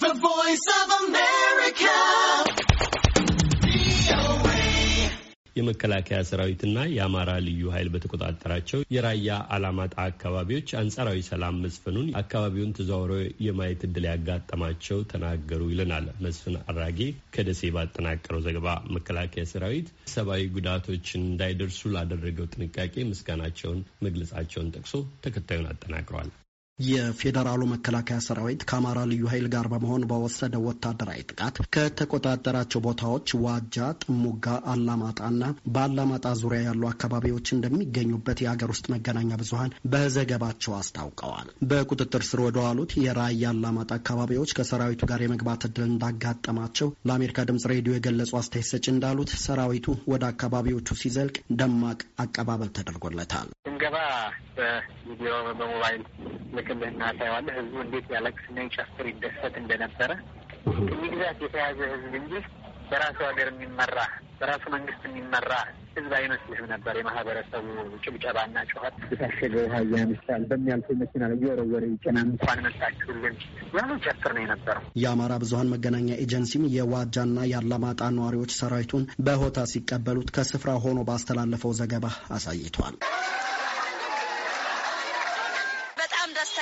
The Voice of America. የመከላከያ ሰራዊትና የአማራ ልዩ ኃይል በተቆጣጠራቸው የራያ አላማጣ አካባቢዎች አንጻራዊ ሰላም መስፈኑን አካባቢውን ተዘዋውረው የማየት እድል ያጋጠማቸው ተናገሩ ይለናል መስፍን አራጌ ከደሴ ባጠናቀረው ዘገባ። መከላከያ ሰራዊት ሰብአዊ ጉዳቶችን እንዳይደርሱ ላደረገው ጥንቃቄ ምስጋናቸውን መግለጻቸውን ጠቅሶ ተከታዩን አጠናቅረዋል። የፌዴራሉ መከላከያ ሰራዊት ከአማራ ልዩ ኃይል ጋር በመሆን በወሰደው ወታደራዊ ጥቃት ከተቆጣጠራቸው ቦታዎች ዋጃ፣ ጥሙጋ፣ አላማጣና በአላማጣ ዙሪያ ያሉ አካባቢዎች እንደሚገኙበት የሀገር ውስጥ መገናኛ ብዙኃን በዘገባቸው አስታውቀዋል። በቁጥጥር ስር ወደ ዋሉት የራያ አላማጣ አካባቢዎች ከሰራዊቱ ጋር የመግባት እድል እንዳጋጠማቸው ለአሜሪካ ድምጽ ሬዲዮ የገለጹ አስተያየት ሰጭ እንዳሉት ሰራዊቱ ወደ አካባቢዎቹ ሲዘልቅ ደማቅ አቀባበል ተደርጎለታል። ስንገባ በቪዲዮ በሞባይል ልክልህና ታየዋለህ። ህዝቡ እንዴት ያለቅስና ይጨፍር ይደሰት እንደነበረ ቅኝ ግዛት የተያዘ ህዝብ እንጂ በራሱ ሀገር የሚመራ በራሱ መንግስት የሚመራ ህዝብ አይመስልህም ነበር። የማህበረሰቡ ጭብጨባና ጩኸት የታሸገ ውሃ ያነሳል በሚያልፉ መኪና ላይ የወረወረ ጭና እንኳን መጣችሁልን ያሉ ጨፍር ነው የነበረው። የአማራ ብዙሀን መገናኛ ኤጀንሲም የዋጃና የአላማጣ ነዋሪዎች ሰራዊቱን በሆታ ሲቀበሉት ከስፍራ ሆኖ ባስተላለፈው ዘገባ አሳይቷል።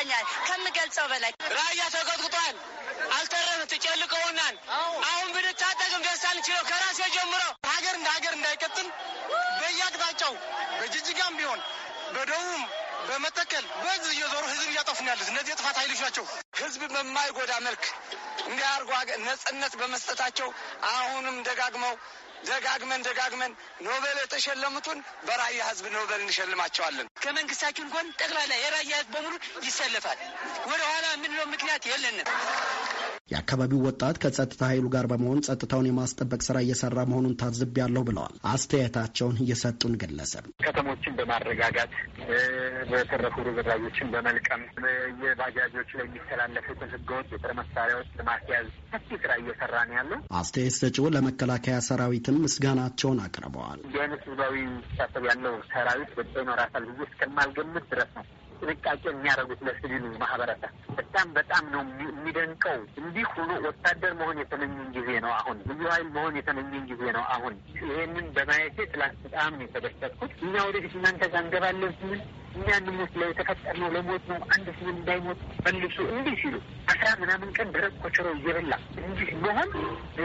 ይመስለኛል ከምገልጸው በላይ። ራያ ተቆጥቁጧል አልተረፍም፣ ትጨልቀውናል። አሁን ብንታጠቅም ደስታ ንችለው ከራሴ ጀምሮ ሀገር እንደ ሀገር እንዳይቀጥል በየአቅጣጫው በጅጅጋም ቢሆን በደቡብም በመተከል በዚህ እየዞሩ ህዝብ እያጠፉን ያሉት እነዚህ የጥፋት ኃይሎች ናቸው። ህዝብ በማይጎዳ መልክ እንዲያርጉ ነጽነት በመስጠታቸው አሁንም ደጋግመው ደጋግመን ደጋግመን ኖቤል የተሸለሙትን በራያ ህዝብ ኖቤል እንሸልማቸዋለን። ከመንግስታችን ጎን ጠቅላላ የራያ ህዝብ በሙሉ ይሰለፋል። ወደኋላ የምንለው ምክንያት የለንም። የአካባቢው ወጣት ከጸጥታ ኃይሉ ጋር በመሆን ጸጥታውን የማስጠበቅ ስራ እየሰራ መሆኑን ያለው ብለዋል። አስተያየታቸውን እየሰጡን ግለሰብ ከተሞችን በማረጋጋት በተረፉ ርዝራዦችን በመልቀም የባጃጆች ላይ የሚተላለፉትን ህገወጥ የጦር መሳሪያዎች ለማስያዝ ሰፊ ስራ እየሰራ ነው ያለው አስተያየት ሰጪው ለመከላከያ ሰራዊት ሰራዊትም ምስጋናቸውን አቅርበዋል። እንዲህ አይነት ህዝባዊ መሳሰብ ያለው ሰራዊት በኢትዮጵያ ይኖራታል ብዬ እስከማልገምት ድረስ ነው ጥንቃቄ የሚያደርጉት ለሲቪሉ ማህበረሰብ በጣም በጣም ነው የሚደንቀው። እንዲህ ሆኖ ወታደር መሆን የተመኘኝ ጊዜ ነው አሁን፣ ልዩ ኃይል መሆን የተመኘኝ ጊዜ ነው አሁን። ይህንን በማየቴ ስላት በጣም ነው የተደሰጥኩት። እኛ ወደፊት እናንተ ጋር እንገባለን ስንል እኛ እንሞት ላይ የተፈጠር ነው ለሞት ነው አንድ ስም እንዳይሞት መልሱ እንዲህ ሲሉ አስራ ምናምን ቀን ደረቅ ኮቸሮ እየበላ እንዲህ መሆን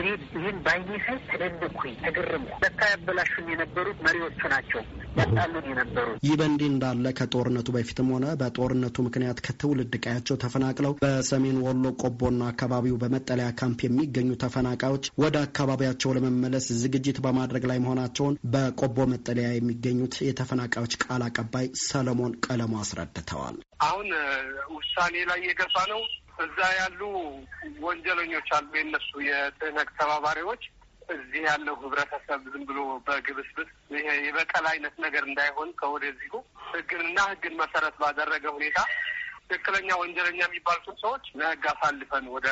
እኔ ይህን በአይኔ ሳይ ተደነቅኩኝ፣ ተገረምኩ። በካ ያበላሹን የነበሩት መሪዎቹ ናቸው። ያጣሉን የነበሩት። ይህ በእንዲህ እንዳለ ከጦርነቱ በፊትም ሆነ በጦርነቱ ምክንያት ከትውልድ ቀያቸው ተፈናቅለው በሰሜን ወሎ ቆቦና አካባቢው በመጠለያ ካምፕ የሚገኙ ተፈናቃዮች ወደ አካባቢያቸው ለመመለስ ዝግጅት በማድረግ ላይ መሆናቸውን በቆቦ መጠለያ የሚገኙት የተፈናቃዮች ቃል አቀባይ ሰለሞን ቀለሙ አስረድተዋል። አሁን ውሳኔ ላይ የገባ ነው። እዛ ያሉ ወንጀለኞች አሉ። የነሱ የትህነግ ተባባሪዎች እዚህ ያለው ህብረተሰብ ዝም ብሎ በግብስብስ ይሄ የበቀል አይነት ነገር እንዳይሆን ከወደዚሁ ህግንና ህግን መሰረት ባደረገ ሁኔታ ትክክለኛ ወንጀለኛ የሚባሉትን ሰዎች ለህግ አሳልፈን ወደ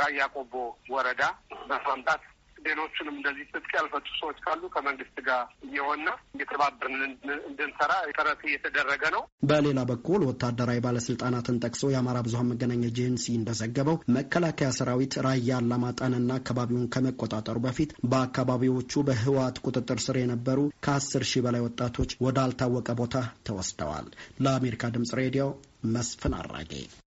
ራያ ቆቦ ወረዳ በማምጣት ሌሎቹንም እንደዚህ ትጥቅ ያልፈቱ ሰዎች ካሉ ከመንግስት ጋር እየሆንና እየተባበርን እንድንሰራ ጥረት እየተደረገ ነው። በሌላ በኩል ወታደራዊ ባለስልጣናትን ጠቅሶ የአማራ ብዙሀን መገናኛ ኤጀንሲ እንደዘገበው መከላከያ ሰራዊት ራያ አላማጣንና አካባቢውን ከመቆጣጠሩ በፊት በአካባቢዎቹ በህወሓት ቁጥጥር ስር የነበሩ ከአስር ሺህ በላይ ወጣቶች ወዳልታወቀ ቦታ ተወስደዋል። ለአሜሪካ ድምጽ ሬዲዮ መስፍን አራጌ